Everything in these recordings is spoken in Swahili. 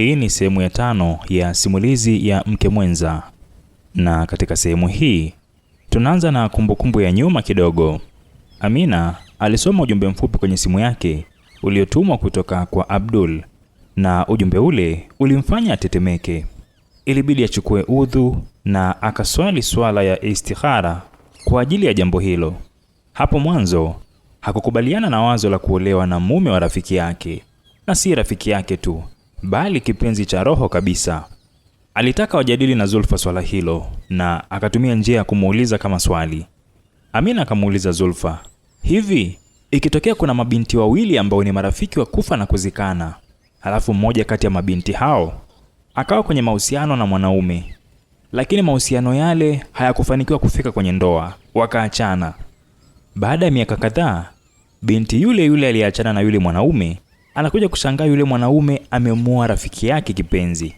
Hii ni sehemu ya tano ya simulizi ya Mke Mwenza, na katika sehemu hii tunaanza na kumbukumbu ya nyuma kidogo. Amina alisoma ujumbe mfupi kwenye simu yake uliotumwa kutoka kwa Abdul, na ujumbe ule ulimfanya atetemeke. Ilibidi achukue udhu na akaswali swala ya istikhara kwa ajili ya jambo hilo. Hapo mwanzo hakukubaliana na wazo la kuolewa na mume wa rafiki yake, na si rafiki yake tu bali kipenzi cha roho kabisa. Alitaka wajadili na Zulfa swala hilo na akatumia njia ya kumuuliza kama swali. Amina akamuuliza Zulfa, hivi ikitokea kuna mabinti wawili ambao ni marafiki wa kufa na kuzikana, halafu mmoja kati ya mabinti hao akawa kwenye mahusiano na mwanaume, lakini mahusiano yale hayakufanikiwa kufika kwenye ndoa, wakaachana. Baada ya miaka kadhaa, binti yule yule aliyeachana na yule mwanaume anakuja kushangaa yule mwanaume amemwoa rafiki yake kipenzi,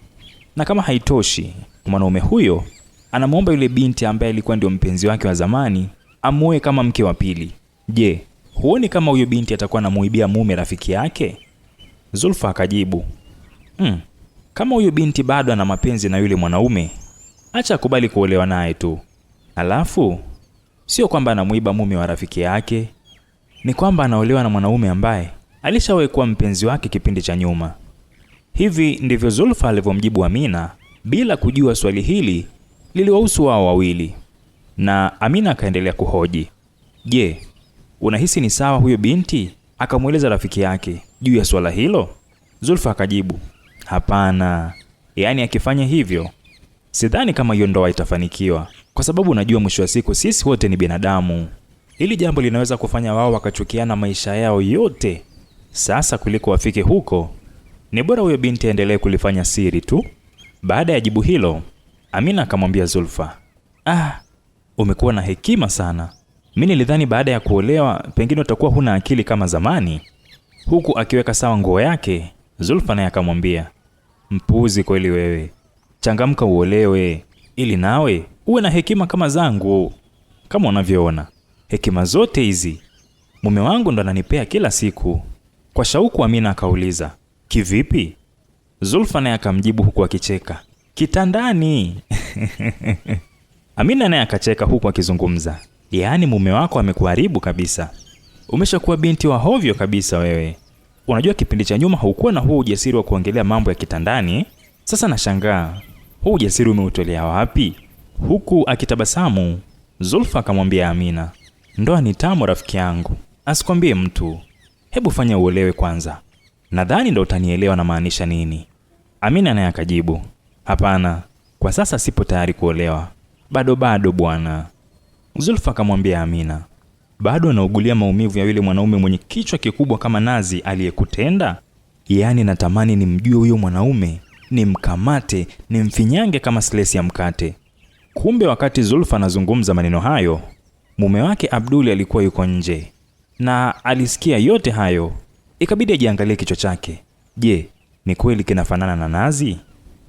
na kama haitoshi, mwanaume huyo anamwomba yule binti ambaye alikuwa ndio mpenzi wake wa zamani amuoe kama mke wa pili. Je, huoni kama huyo binti atakuwa anamuibia mume rafiki yake? Zulfa akajibu hmm, kama huyo binti bado ana mapenzi na yule mwanaume, acha akubali kuolewa naye tu, alafu sio kwamba anamuiba mume wa rafiki yake, ni kwamba anaolewa na mwanaume ambaye alishawahi kuwa mpenzi wake kipindi cha nyuma. Hivi ndivyo Zulfa alivyomjibu Amina bila kujua swali hili liliwahusu wao wawili, na Amina akaendelea kuhoji, je, unahisi ni sawa huyo binti akamweleza rafiki yake juu ya swala hilo? Zulfa akajibu, hapana, yaani akifanya hivyo sidhani kama hiyo ndoa itafanikiwa, kwa sababu unajua, mwisho wa siku sisi wote ni binadamu. Hili jambo linaweza kufanya wao wakachukiana maisha yao yote sasa kuliko wafike huko, ni bora huyo binti aendelee kulifanya siri tu. Baada ya jibu hilo, Amina akamwambia Zulfa, ah, umekuwa na hekima sana. Mimi nilidhani baada ya kuolewa pengine utakuwa huna akili kama zamani. Huku akiweka sawa nguo yake, Zulfa naye akamwambia, mpuzi kweli wewe, changamka uolewe ili nawe uwe na hekima kama zangu. Kama unavyoona hekima zote hizi mume wangu ndo ananipea kila siku. Kwa shauku Amina akauliza, kivipi? Zulfa naye akamjibu huku akicheka, kitandani. Amina naye akacheka huku akizungumza, yaani mume wako amekuharibu kabisa, umeshakuwa binti wa hovyo kabisa wewe. Unajua kipindi cha nyuma haukuwa na huo ujasiri wa kuongelea mambo ya kitandani, sasa nashangaa huu ujasiri umeutolea wapi? Huku akitabasamu Zulfa akamwambia Amina, ndoa ni tamu rafiki yangu, asikwambie mtu Hebu fanya uolewe kwanza, nadhani ndo utanielewa namaanisha nini. Amina naye akajibu, hapana, kwa sasa sipo tayari kuolewa, bado bado bwana. Zulfa akamwambia Amina, bado anaugulia maumivu ya yule mwanaume mwenye kichwa kikubwa kama nazi aliyekutenda? Yaani natamani nimjue huyo mwanaume, nimkamate, nimfinyange kama slesi ya mkate. Kumbe wakati Zulfa anazungumza maneno hayo, mume wake Abduli alikuwa yuko nje na alisikia yote hayo, ikabidi ajiangalie kichwa chake. Je, ni kweli kinafanana na nazi?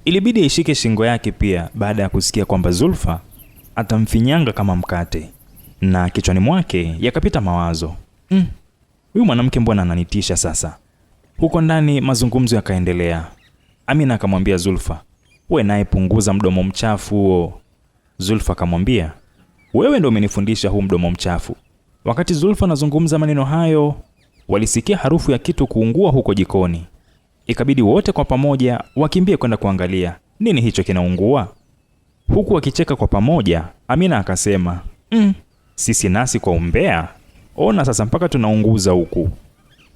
Ilibidi aishike shingo yake pia, baada ya kusikia kwamba Zulfa atamfinyanga kama mkate, na kichwani mwake yakapita mawazo mm, huyu mwanamke mbona ananitisha sasa? Huko ndani mazungumzo yakaendelea. Amina akamwambia Zulfa, we naye punguza mdomo mchafu huo. Zulfa akamwambia, wewe ndio umenifundisha huu mdomo mchafu, Wakati Zulfa anazungumza maneno hayo, walisikia harufu ya kitu kuungua huko jikoni. Ikabidi wote kwa pamoja wakimbie kwenda kuangalia nini hicho kinaungua. Huku wakicheka kwa pamoja, Amina akasema mm, sisi nasi kwa umbea, ona sasa mpaka tunaunguza huku.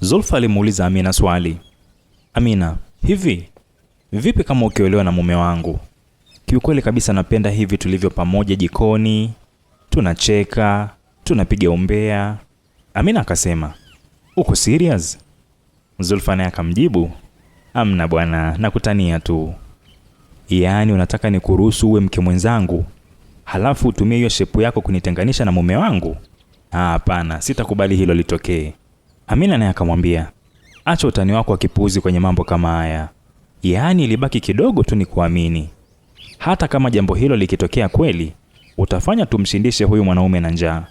Zulfa alimuuliza Amina swali, Amina, hivi vipi kama ukiolewa na mume wangu? Kiukweli kabisa napenda hivi tulivyo pamoja jikoni, tunacheka tunapiga umbea. Amina akasema uko serious? Zulfa naye akamjibu amna bwana, nakutania tu. Yaani unataka nikuruhusu uwe mke mwenzangu halafu utumie hiyo shepu yako kunitenganisha na mume wangu? Ah, hapana, sitakubali hilo litokee. Amina naye akamwambia acha utani wako wa kipuuzi kwenye mambo kama haya. Yaani ilibaki kidogo tu nikuamini. Hata kama jambo hilo likitokea kweli, utafanya tumshindishe huyu mwanaume na njaa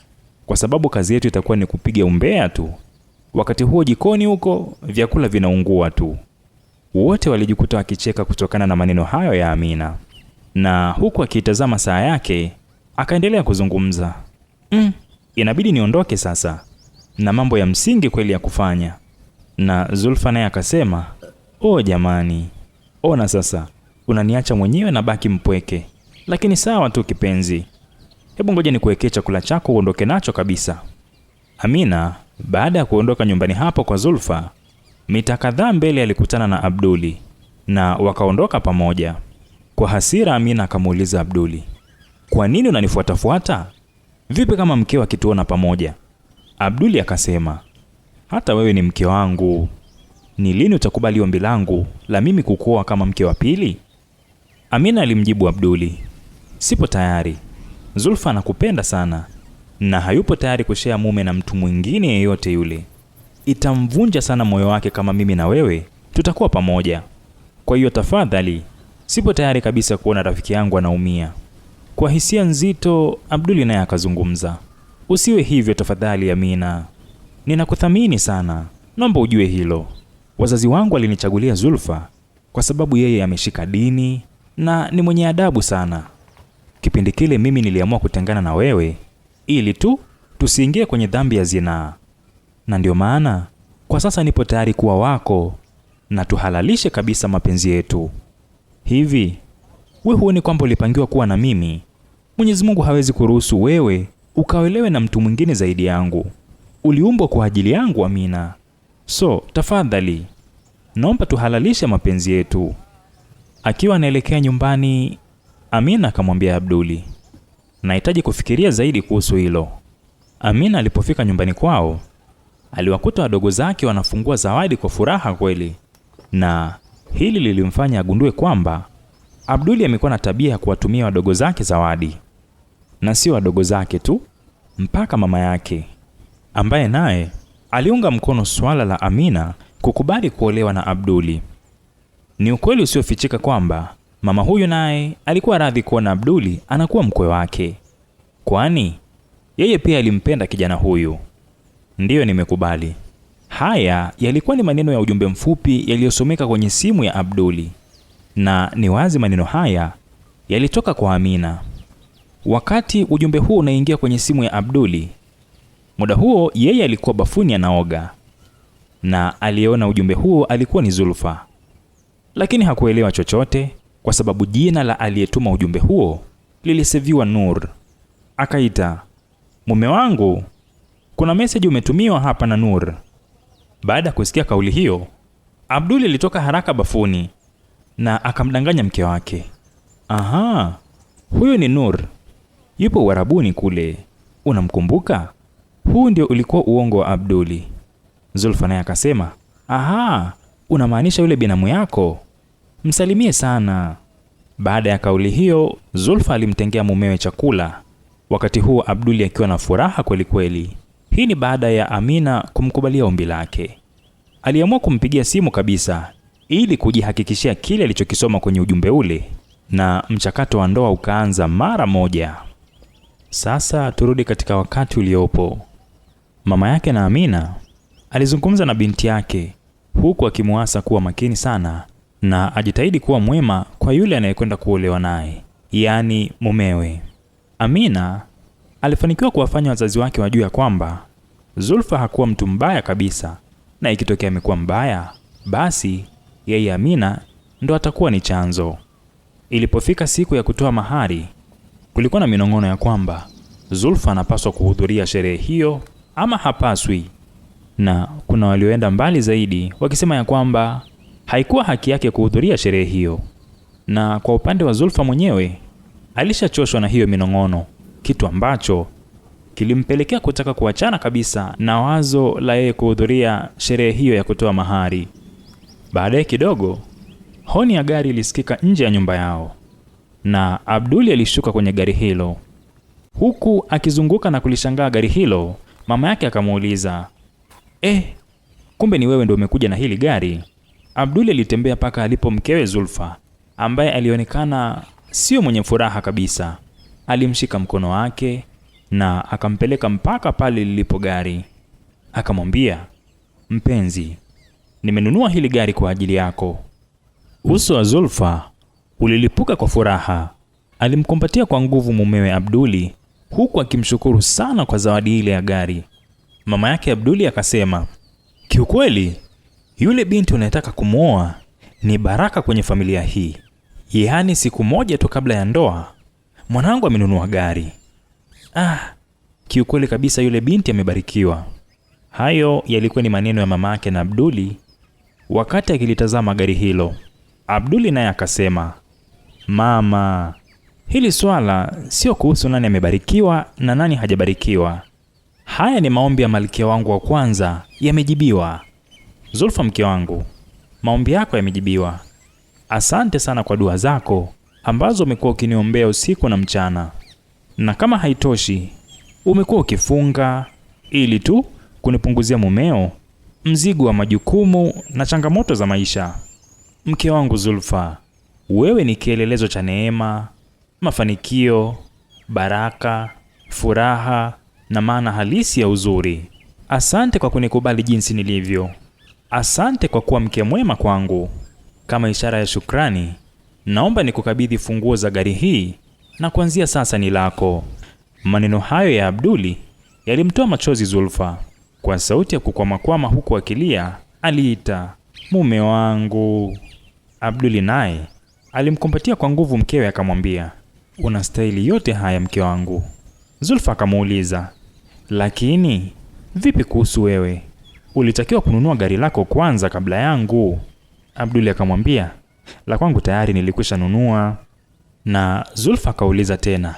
kwa sababu kazi yetu itakuwa ni kupiga umbea tu. Wakati huo jikoni huko vyakula vinaungua tu. Wote walijikuta wakicheka kutokana na maneno hayo ya Amina, na huku akiitazama saa yake akaendelea kuzungumza. Mm, inabidi niondoke sasa, na mambo ya msingi kweli ya kufanya. Na Zulfa naye akasema, o jamani, ona sasa unaniacha mwenyewe na baki mpweke, lakini sawa tu kipenzi hebu ngoja nikuwekee chakula chako uondoke nacho kabisa. Amina baada ya kuondoka nyumbani hapo kwa Zulfa, mita kadhaa mbele alikutana na Abduli na wakaondoka pamoja. Kwa hasira, Amina akamuuliza Abduli, kwa nini unanifuatafuata? Vipi kama mkeo akituona pamoja? Abduli akasema, hata wewe ni mke wangu, ni lini utakubali ombi langu la mimi kukuoa kama mke wa pili? Amina alimjibu Abduli, sipo tayari Zulfa anakupenda sana na hayupo tayari kushea mume na mtu mwingine yeyote yule. Itamvunja sana moyo wake kama mimi na wewe tutakuwa pamoja. Kwa hiyo tafadhali, sipo tayari kabisa kuona rafiki yangu anaumia. Kwa hisia nzito, Abduli naye akazungumza, usiwe hivyo tafadhali Amina, ninakuthamini sana, naomba ujue hilo. Wazazi wangu walinichagulia Zulfa kwa sababu yeye ameshika dini na ni mwenye adabu sana. Kipindi kile mimi niliamua kutengana na wewe ili tu tusiingie kwenye dhambi ya zinaa, na ndio maana kwa sasa nipo tayari kuwa wako na tuhalalishe kabisa mapenzi yetu. Hivi we huoni kwamba ulipangiwa kuwa na mimi? Mwenyezi Mungu hawezi kuruhusu wewe ukaolewe na mtu mwingine zaidi yangu. Uliumbwa kwa ajili yangu, Amina. So tafadhali, naomba tuhalalishe mapenzi yetu. Akiwa anaelekea nyumbani, Amina akamwambia Abduli, nahitaji kufikiria zaidi kuhusu hilo. Amina alipofika nyumbani kwao aliwakuta wadogo zake wanafungua zawadi kwa furaha kweli, na hili lilimfanya agundue kwamba Abduli amekuwa na tabia ya kuwatumia wadogo zake zawadi, na sio wadogo zake tu, mpaka mama yake ambaye naye aliunga mkono suala la Amina kukubali kuolewa na Abduli. Ni ukweli usiofichika kwamba Mama huyu naye alikuwa radhi kuona Abduli anakuwa mkwe wake, kwani yeye pia alimpenda kijana huyu. Ndiyo, nimekubali. Haya yalikuwa ni maneno ya ujumbe mfupi yaliyosomeka kwenye simu ya Abduli, na ni wazi maneno haya yalitoka kwa Amina. Wakati ujumbe huo unaingia kwenye simu ya Abduli, muda huo yeye alikuwa bafuni anaoga, na aliyeona ujumbe huo alikuwa ni Zulfa, lakini hakuelewa chochote kwa sababu jina la aliyetuma ujumbe huo liliseviwa Nur. Akaita, mume wangu, kuna meseji umetumiwa hapa na Nur. Baada ya kusikia kauli hiyo, Abduli alitoka haraka bafuni na akamdanganya mke wake. Aha, huyu ni Nur, yupo uharabuni kule, unamkumbuka? Huu ndio ulikuwa uongo wa Abduli. Zulfa naye akasema, aha, unamaanisha yule binamu yako? msalimie sana. Baada ya kauli hiyo, Zulfa alimtengea mumewe chakula, wakati huo Abduli akiwa na furaha kweli kweli. Hii ni baada ya Amina kumkubalia ombi lake. Aliamua kumpigia simu kabisa ili kujihakikishia kile alichokisoma kwenye ujumbe ule, na mchakato wa ndoa ukaanza mara moja. Sasa turudi katika wakati uliopo. Mama yake na Amina alizungumza na binti yake huku akimuasa kuwa makini sana na ajitahidi kuwa mwema kwa yule anayekwenda kuolewa naye, yaani mumewe. Amina alifanikiwa kuwafanya wazazi wake wajue ya kwamba Zulfa hakuwa mtu mbaya kabisa, na ikitokea amekuwa mbaya, basi yeye Amina ndo atakuwa ni chanzo. Ilipofika siku ya kutoa mahari, kulikuwa na minong'ono ya kwamba Zulfa anapaswa kuhudhuria sherehe hiyo ama hapaswi, na kuna walioenda mbali zaidi wakisema ya kwamba haikuwa haki yake kuhudhuria sherehe hiyo, na kwa upande wa Zulfa mwenyewe alishachoshwa na hiyo minong'ono, kitu ambacho kilimpelekea kutaka kuachana kabisa na wazo la yeye kuhudhuria sherehe hiyo ya kutoa mahari. Baadaye kidogo, honi ya gari ilisikika nje ya nyumba yao na Abduli alishuka kwenye gari hilo huku akizunguka na kulishangaa gari hilo. Mama yake akamuuliza, eh, kumbe ni wewe ndio umekuja na hili gari? Abduli alitembea mpaka alipo mkewe Zulfa, ambaye alionekana sio mwenye furaha kabisa. Alimshika mkono wake na akampeleka mpaka pale lilipo gari, akamwambia, mpenzi, nimenunua hili gari kwa ajili yako. Uso wa Zulfa ulilipuka kwa furaha. Alimkumbatia kwa nguvu mumewe Abduli huku akimshukuru sana kwa zawadi ile ya gari. Mama yake Abduli akasema, kiukweli yule binti unayetaka kumwoa ni baraka kwenye familia hii. Yaani siku moja tu kabla ya ndoa mwanangu amenunua gari. Ah, kiukweli kabisa yule binti amebarikiwa. Hayo yalikuwa ni maneno ya mama yake na Abduli wakati akilitazama gari hilo. Abduli naye akasema, mama, hili swala sio kuhusu nani amebarikiwa na nani hajabarikiwa. Haya ni maombi ya malkia wangu wa kwanza yamejibiwa. Zulfa, mke wangu, maombi yako yamejibiwa. Asante sana kwa dua zako ambazo umekuwa ukiniombea usiku na mchana, na kama haitoshi, umekuwa ukifunga ili tu kunipunguzia mumeo mzigo wa majukumu na changamoto za maisha. Mke wangu Zulfa, wewe ni kielelezo cha neema, mafanikio, baraka, furaha na maana halisi ya uzuri. Asante kwa kunikubali jinsi nilivyo. Asante kwa kuwa mke mwema kwangu. Kama ishara ya shukrani, naomba nikukabidhi funguo za gari hii na kuanzia sasa ni lako. Maneno hayo ya Abduli yalimtoa machozi Zulfa. Kwa sauti ya kukwamakwama huku akilia, aliita mume wangu. Abduli naye alimkumbatia kwa nguvu mkewe, akamwambia unastahili yote haya mke wangu. Zulfa akamuuliza, lakini vipi kuhusu wewe? ulitakiwa kununua gari lako kwanza kabla yangu. Abduli akamwambia, la kwangu tayari nilikwisha nunua. Na Zulfa akauliza tena,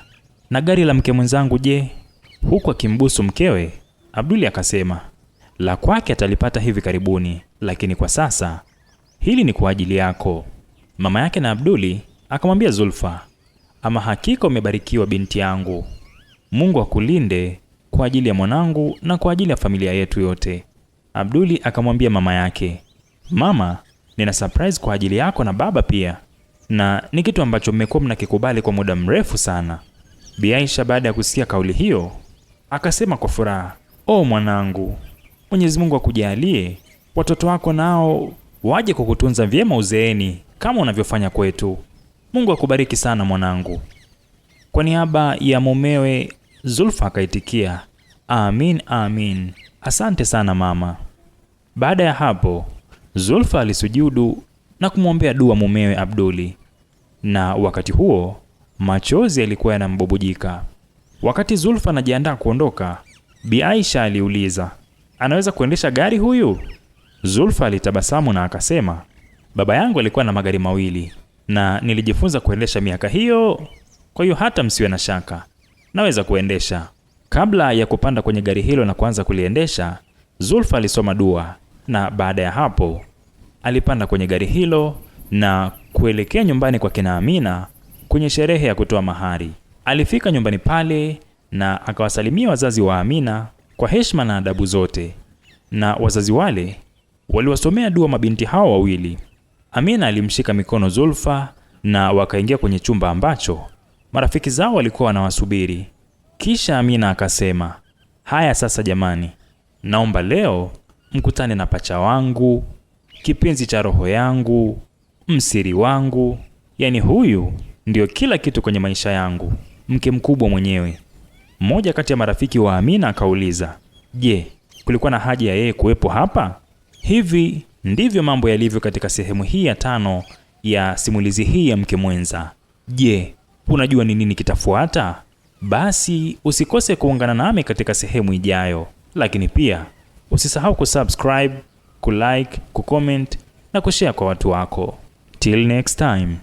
na gari la mke mwenzangu je? Huku akimbusu mkewe, Abduli akasema, la kwake atalipata hivi karibuni, lakini kwa sasa hili ni kwa ajili yako. Mama yake na Abduli akamwambia Zulfa, ama hakika umebarikiwa binti yangu, Mungu akulinde kwa ajili ya mwanangu na kwa ajili ya familia yetu yote. Abduli akamwambia mama yake, mama, nina surprise kwa ajili yako na baba pia, na ni kitu ambacho mmekuwa mnakikubali kwa muda mrefu sana. Bi Aisha baada ya kusikia kauli hiyo akasema kwa furaha, o mwanangu, Mwenyezi Mungu akujalie watoto wako nao waje kukutunza vyema uzeeni kama unavyofanya kwetu. Mungu akubariki sana mwanangu. Kwa niaba ya mumewe Zulfa akaitikia, amin amin, asante sana mama. Baada ya hapo, Zulfa alisujudu na kumwombea dua mumewe Abduli, na wakati huo machozi yalikuwa yanambubujika. Wakati Zulfa anajiandaa kuondoka, Bi Aisha aliuliza, anaweza kuendesha gari huyu? Zulfa alitabasamu na akasema, baba yangu alikuwa na magari mawili na nilijifunza kuendesha miaka hiyo, kwa hiyo hata msiwe na shaka, naweza kuendesha. Kabla ya kupanda kwenye gari hilo na kuanza kuliendesha, Zulfa alisoma dua na baada ya hapo alipanda kwenye gari hilo na kuelekea nyumbani kwa kina Amina kwenye sherehe ya kutoa mahari. Alifika nyumbani pale na akawasalimia wazazi wa Amina kwa heshima na adabu zote, na wazazi wale waliwasomea dua mabinti hao wawili. Amina alimshika mikono Zulfa na wakaingia kwenye chumba ambacho marafiki zao walikuwa wanawasubiri. Kisha Amina akasema, haya sasa jamani, Naomba leo mkutane na pacha wangu, kipenzi cha roho yangu, msiri wangu, yaani huyu ndiyo kila kitu kwenye maisha yangu, mke mkubwa mwenyewe. Mmoja kati ya marafiki wa Amina akauliza, je, kulikuwa na haja ya yeye kuwepo hapa? Hivi ndivyo mambo yalivyo katika sehemu hii ya tano ya simulizi hii ya Mke Mwenza. Je, unajua ni nini kitafuata? Basi usikose kuungana nami katika sehemu ijayo lakini pia usisahau kusubscribe, kulike, kucomment na kushare kwa watu wako. Till next time.